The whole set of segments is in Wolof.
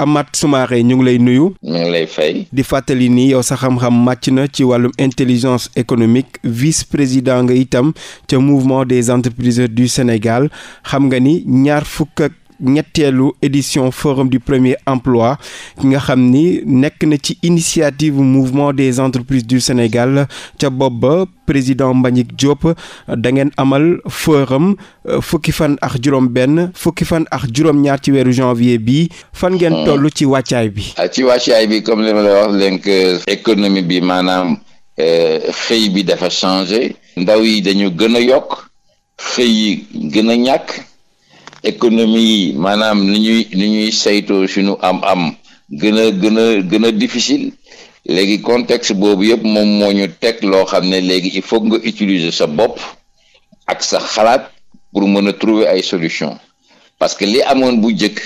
Amath Soumaré ñu ngi lay nuyu. ñu ngi lay fay. di fàttali nii yow sa xam-xam màcc na ci wàllum intelligence économique vice-président nga itam ca mouvement des entreprises du Sénégal xam nga ni ñaar fukk ak ñetteelu édition forum du premier emploi ki nga xam ni nekk na ci initiative mouvement des entreprises du Sénégal ca bopp ba président Mbagnick Diop da ngeen amal forum euh, fukki fan ak juróom benn fukki fan ak juróom ñaar ci weeru janvier bi fan ngeen hmm. toll ci wàccaay bi ah, ci wàccaay bi comme li ma la wax leen euh, que bi maanaam euh, xëy bi dafa changé ndaw yi dañu gën a yokk xëy yi gën a ñàkk économie yi maanaam ni ñuy ni ñuy saytoo suñu am-am gën a gën a gën a difficile léegi contexte boobu yëpp moom moo ñu teg loo xam ne léegi il faut nga utiliser sa bopp ak sa xalaat pour mën a trouver ay solution parce que li amoon bu jëkk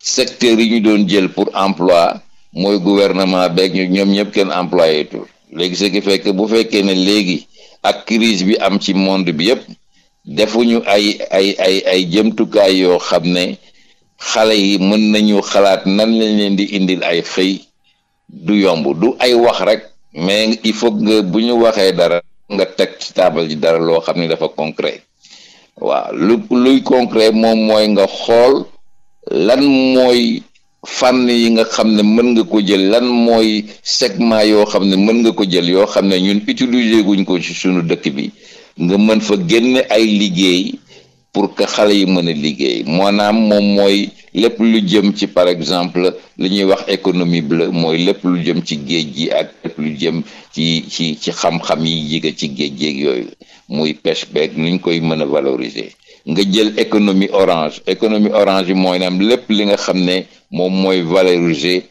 secteur yi ñu doon jël pour emploi mooy gouvernement beeg ñu ñoom ñëpp kenn employé tout léegi ce fekk bu fekkee ne léegi ak krise bi am ci monde bi yëpp defuñu ay ay ay ay jëmtukaay yoo xam ne xale yi mën nañu xalaat nan lañ leen di indil ay xëy du yomb du ay wax rek mais il faut nga bu ñu waxee dara nga teg ci taabal ji dara loo xam ne dafa concret waaw lu luy concret moom mooy nga xool lan mooy fànn yi nga xam ne mën nga ko jël lan mooy segment yoo xam ne mën nga ko jël yoo xam ne ñun utiliser guñ ko ci suñu dëkk bi nga mën fa génn ay liggéey pour que xale yi mën a liggéey moonaam moom mooy lépp lu jëm ci par exemple li ñuy wax économie bleue mooy lépp lu jëm ci géej gi ak lépp lu jëm ci ci ci xam-xam yi jiga ci géej géej yooyu muy pêche beeg ni ñu koy mën a valoriser nga jël économie orange économie orange yi mooy naam lépp li nga xam ne moom mooy valoriser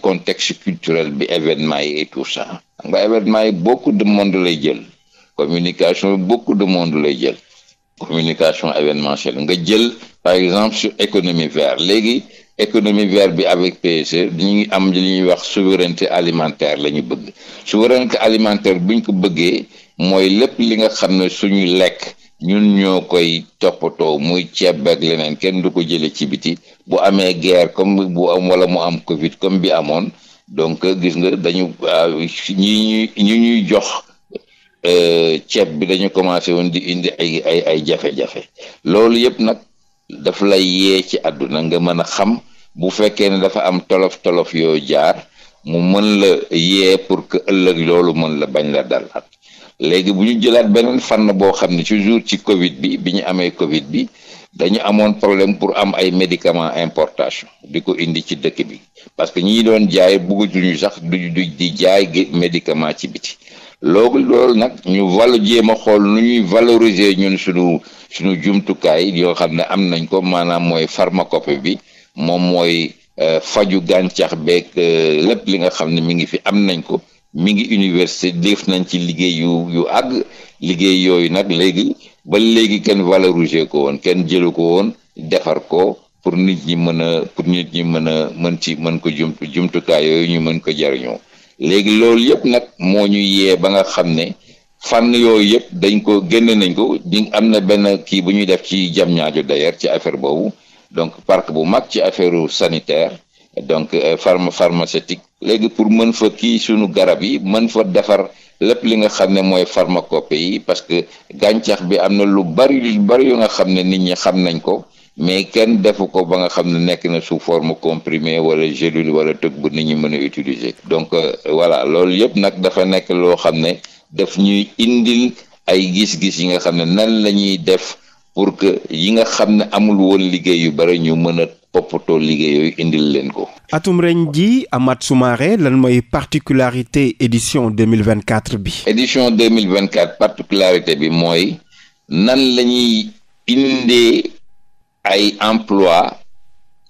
contexte culturel bi événement yi et tout ça xam nga événement yi beaucoup de monde lay jël communication beaucoup de monde lay jël communication événementielle nga jël par exemple sur économie verte léegi économie verte bi avec PSE dañu ngi am li ñuy wax souveraineté alimentaire la ñu bëgg souveraineté alimentaire bu ñu ko bëggee mooy lépp li nga xam ne suñu lekk ñun ñoo koy toppatoo muy ceeb ak leneen kenn du ko jëlee ci biti bu amee guerre comme bu am wala mu am Covid comme bi amoon donc gis nga dañu euh, ñi ñuy ñi ñuy jox. Euh, ceeb bi dañu commencé woon di indi ay ay ay jafe-jafe loolu yëpp nag daf lay yee ci àdduna nga mën a xam bu fekkee ne dafa am tolof tolof yoo jaar mu mën la yee pour que ëllëg loolu mën la bañ la dal at léegi bu ñu jëlaat beneen fànn boo xam ne toujours ci Covid bi bi ñu amee Covid bi dañu amoon problème pour am ay médicaments importation di ko indi ci dëkk bi parce que ñi doon jaay bëggatuñu sax du di jaay médicament ci biti loolu loolu nag ñu wàllu jéem a xool nu ñuy valoriser ñun suñu suñu jumtukaay yoo xam ne am nañ ko maanaam mooy pharmacopée bi moom mooy euh, faju gàncax beeg euh, lépp li nga xam ne mi ngi fi am nañ ko mi ngi université def nañ ci liggéey yu yu àgg liggéey yooyu nag léegi ba léegi kenn valoriser ko woon kenn jëlu ko woon defar ko pour nit ñi mën a pour nit ñi mën a mën ci mën ko jumtu jumtukaay yooyu ñu mën ko jariñoo léegi loolu yëpp nag moo ñu yee ba nga xam ne fànn yooyu yëpp dañ ko génn nañ ko di am na benn kii bu ñuy def ci jam ñaajo d'ailleurs ci affaire boobu donc parc bu mag ci affaire sanitaire donc euh, pharma pharmaceutique léegi pour mën fa kii suñu garab yi mën fa defar lépp li nga xam ne mooy pharmacopée yi parce que gàncax bi am na lu bari lu bari yu nga xam ne nit ñi xam nañ ko mais kenn defu ko ba nga xam ne nekk na sous forme comprimé wala gélule wala tëg bu nit ñu mën a utiliser donc wala euh, loolu yëpp nag dafa nekk loo xam ne def ñuy indil ay gis-gis yi nga xam ne nan la ñuy def pour que yi nga xam ne amul woon liggéey yu bare ñu mën a toppatoo liggéey yooyu indil leen ko. atum ren ji Amath Soumaré lan mooy particularité édition 2024 bi. édition 2024 particularité bi mooy nan la ñuy indee ay emploi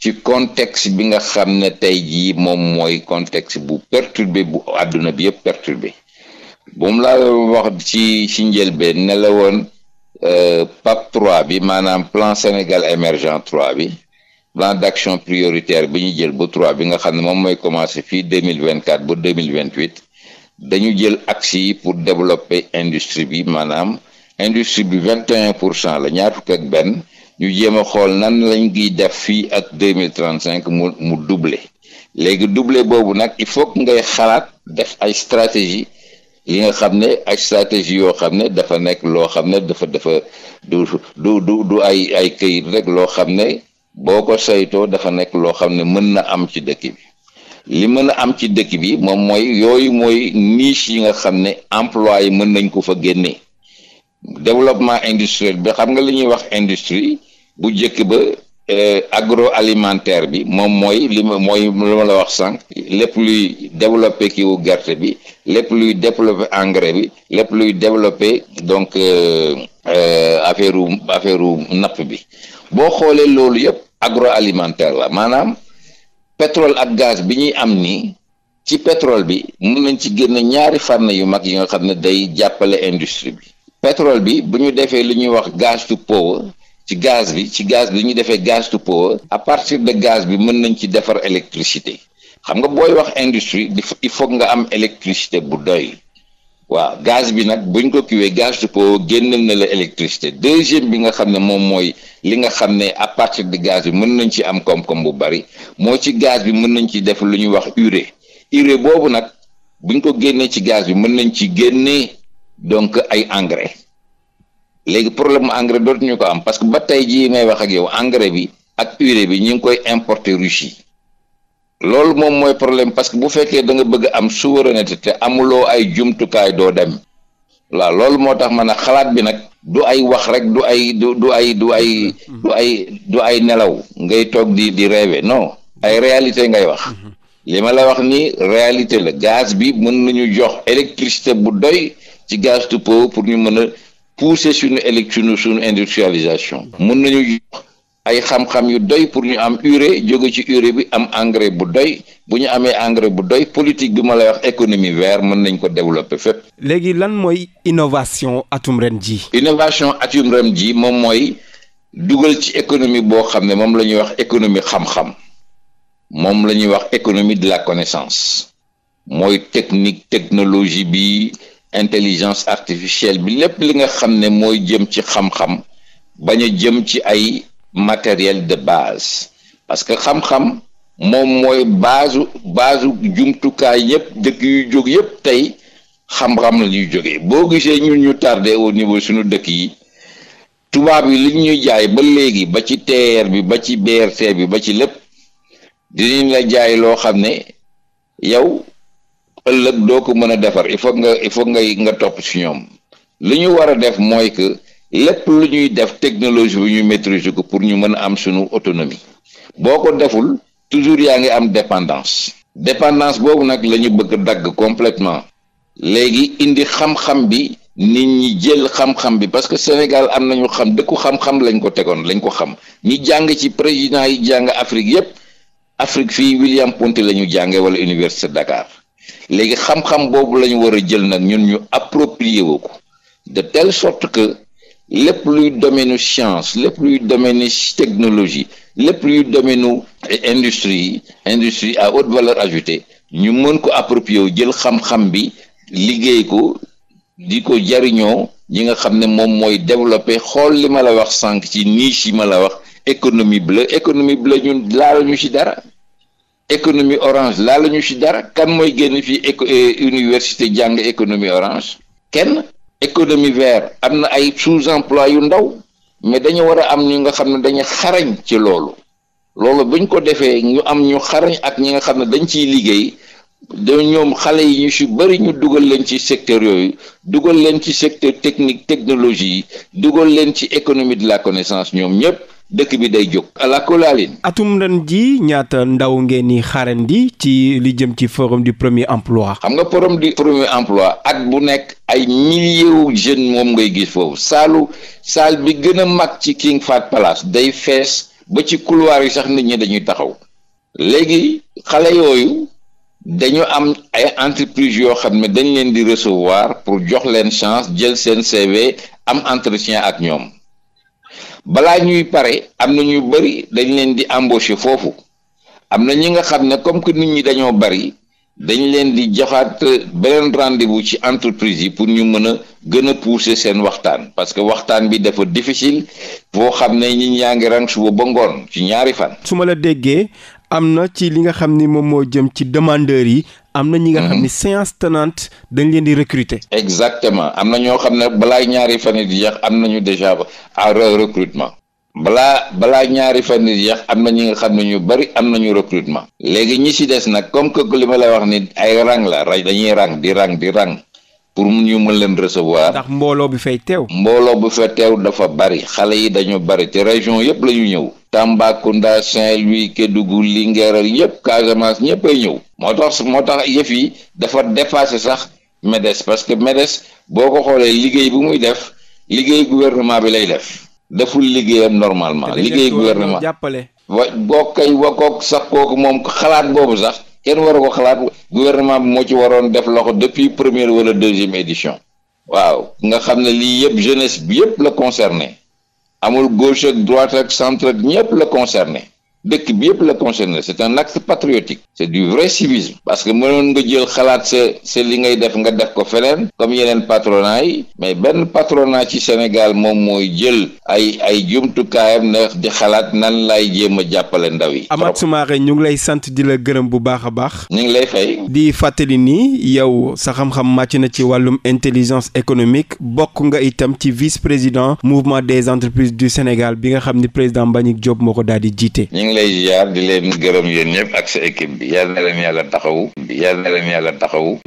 ci contexte bi nga xam ne tey jii moom mooy contexte bu perturbé bu adduna bi yëpp perturbé bu mu la wax ci ci njëlbeen ne la woon euh, PAP 3 bi maanaam plan Sénégal émergent 3 bi plan d'action prioritaire bi ñu jël bu trois bi nga xam ne moom mooy commencé fii 2024 ba 2028 dañu jël axe yi pour développer industrie bi maanaam industrie bi 21 pour cent la ñaatu fukk benn ñu jéem a xool nan lañ gi def fii ak deux mille trente cinq mu mu doublé léegi duble boobu nag il faut ngay xalaat dex ay stratégie li nga xam ne ay stratégie yoo xam ne dafa nekk loo xam ne dafa dafa du du du ay ay këyit rek loo xam ne boo ko saytoo dafa nekk loo xam ne mën na am ci dëkk bi li mën a am ci dëkk bi moom mooy yooyu mooy niche yi nga xam ne emploi yi mën nañ ko fa génnee développement industriel bi xam nga li ñuy wax industrie bu njëkk ba euh, agro alimentaire bi moom mooy li mooy lu la wax sànq lépp luy développé kiwu gerte bi lépp luy développé engrais bi lépp luy développé donc euh, euh, affaire u affaire u napp bi boo xoolee loolu yëpp alimentaire la maanaam pétrole ak gaz bi ñuy am nii ci pétrole bi mun nañ ci génn ñaari fànn yu mag yi nga xam ne day jàppale industrie bi pétrole bi bu ñu defee li ñuy wax gaz to power ci gaz bi ci gaz bi ñu defee gaz to power à partir de gaz bi mën nañ ci defar électricité xam nga booy wax industrie il faut nga am électricité bu doy waaw gaz bi nag buñ ko kiwee gaz to power génnal na la électricité deuxième bi nga xam ne moom mooy li nga xam ne à partir de gaz bi mën nañ ci am koom-koom bu bari moo ci gaz bi mën nañ ci def lu ñuy wax urée urée boobu nag buñ ko génnee ci gaz bi mën nañ ci génnee donc ay engrais léegi problème mu engrais dootuñu ko am parce que ba tey jii may wax ak yow engrais bi ak urée bi ñu ngi koy importer Russie loolu moom mooy problème parce que bu fekkee danga bëgg am souveraineté te amuloo ay jumtukaay doo dem waaw loolu moo tax man a xalaat bi nag du ay wax rek du ay du du ay du ay du ay du ay nelaw ngay toog di di rêver non ay réalité ngay wax li ma la wax ni réalité la gaz bi mën nañu jox électricité bu doy ci gaz du pour ñu mën a pousser suñu élection sunu industrialisation mën nañu ay xam-xam yu doy pour ñu am urée jóge ci urée bi am engrais bu doy bu ñu amee engrais bu doy politique bi ma lay wax économie verte mën nañ ko développer fépp. léegi lan mooy innovation atum ren ji. innovation atum ren ji moom mooy dugal ci économie boo xam ne moom la ñuy wax économie xam-xam moom la ñuy wax économie de la connaissance mooy technique technologie bi. intelligence artificielle bi lépp li nga xam ne mooy jëm ci xam-xam bañ a jëm ci ay matériel de base parce que xam-xam moom mooy baasu baasu jumtukaay yëpp dëkk yuy jóg yëpp tey xam-xam la ñuy jógee boo gisee ñu ñu tardé au niveau suñu dëkk yi tubaab yi li ñuy jaay ba léegi ba ci TER bi ba ci BRT bi ba ci lépp dinañ la jaay loo xam ne yow ëllëg doo ko mën a defar il faut nga il faut ngay nga topp si ñoom li ñu war a def mooy que lépp lu ñuy def technologie yu ñu maîtriser ko pour ñu mën a am suñu autonomie boo ko deful toujours yaa ngi am dépendance dépendance boobu nag lañu ñu bëgg dagg complètement léegi indi xam-xam bi nit ñi jël xam-xam bi parce que Sénégal am nañu xam dëkku xam-xam lañ ko tegoon lañ ko xam ñi jàng ci président yi jàng Afrique yépp Afrique fii William Ponty la ñu jànge wala Université Dakar léegi xam-xam boobu la ñu war a jël nag ñun ñu approprier wu ko de telle sorte que lépp luy domaine science lépp luy domaine technologie lépp luy domaine industrie industrie à haute valeur ajoutée ñu mën ko approprier wu jël xam-xam bi liggéey ko di ko jariñoo ñi nga xam ne moom mooy développer xool li ma la wax sànq ci nii yi ma la wax économie bleue économie bleue ñun laaluñu ci dara économie orange laa la ñu ci dara kan mooy génn fii éco euh, université jàng économie orange kenn économie verte am na ay sous-emploi yu ndaw mais dañu war a am ñu nga xam ne dañu xarañ ci loolu loolu buñ ko defee ñu am ñu xarañ ak ñi nga xam ne dañ ciy liggéey da ñoom xale yi ñu ci bari ñu dugal leen ci secteur yooyu dugal leen ci secteur technique technologie yi dugal leen ci économie de la connaissance ñoom ñëpp dëkk bi day jóg alaakulaalin atum ren ji ñaata ndaw ngeen ni xaarandi ci li jëm ci forum du premier emploi xam nga forum du premier emploi at bu nekk ay milliers jeunes moom ngay gis foofu saalu saal bi gën a mag ci King Fahd Palace day fees ba ci couloir yi sax nit ñi dañuy taxaw léegi xale yooyu dañu am ay entreprise yoo xam ne dañ leen di recevoir pour jox leen chance jël seen CV am entretien ak ñoom balaa ñuy pare am na ñu bëri dañ leen di embaucher foofu am na ñi nga xam ne comme que nit ñi dañoo bari dañ leen di joxaat euh, beneen rendez ci entreprise yi pour ñu mën a gën a pousser seen waxtaan parce que waxtaan bi dafa difficile boo xam ne ñi ñaa ngi rang suba ba ngoon ci ñaari fan. su ma la déggee am na ci li nga xam ni moom moo jëm ci demandeurs yi am na ñi nga xam mhm. ni séance tenante dañ leen di recruter. exactement am na ñoo xam ne balaa ñaari fan di jeex am nañu déjà à recrutement. balaa balaa ñaari fan yi am na ñi nga xam ne ñu bari am nañu recrutement léegi ñi ci des nag comme que li ma lay wax ni ay rang la raj dañuy rang di rang di rang pour ñu mën leen recevoir. ndax mbooloo bi fay teew. mbooloo bu fay teew dafa bari xale yi dañu bari te région yëpp la ñu ñëw. Tambacounda Saint-Louis Kédougou Linguère yëpp Casamance ñëpp ay ñëw. moo tax moo tax yëf yi dafa dépassé sax MEDES parce que MEDES boo ko xoolee liggéey bu muy def liggéey gouvernement bi lay def deful liggéeyam normalement liggéey gouvernement jàppale wa boo koy wa kook sax kooku moom xalaat boobu sax kenn waru ko xalaat gouvernement bi moo ci waroon def loxo depuis première wala deuxième édition waaw nga xam ne lii yëpp jeunesse bi yëpp la concerné amul gauche ak droite ak centre ak ñëpp la concerné dëkk bi yëpp la concerné c'est un acte patriotique c'est du vrai civisme parce que mënoon nga jël xalaat sa sa li ngay def nga def ko feneen comme yeneen patronat yi mais benn patronat ci Sénégal moom mooy jël ay ay jumtukaayam na di xalaat nan lay jéem a jàppale ndaw yi. Amath Soumaré ñu ngi lay sant di la gërëm bu baax a baax. ñu ngi lay fay. di fàttali ni yow sa xam-xam màcc na ci wàllum intelligence économique bokk nga itam ci vice président mouvement des entreprises du Sénégal bi nga xam ni président Mbagnick Diop moo ko daal di jiite. ngi lay ziar di leen gërëm yéen ñëpp ak sa équipe bi yal na leen yàlla taxawu yal na leen yàlla taxawu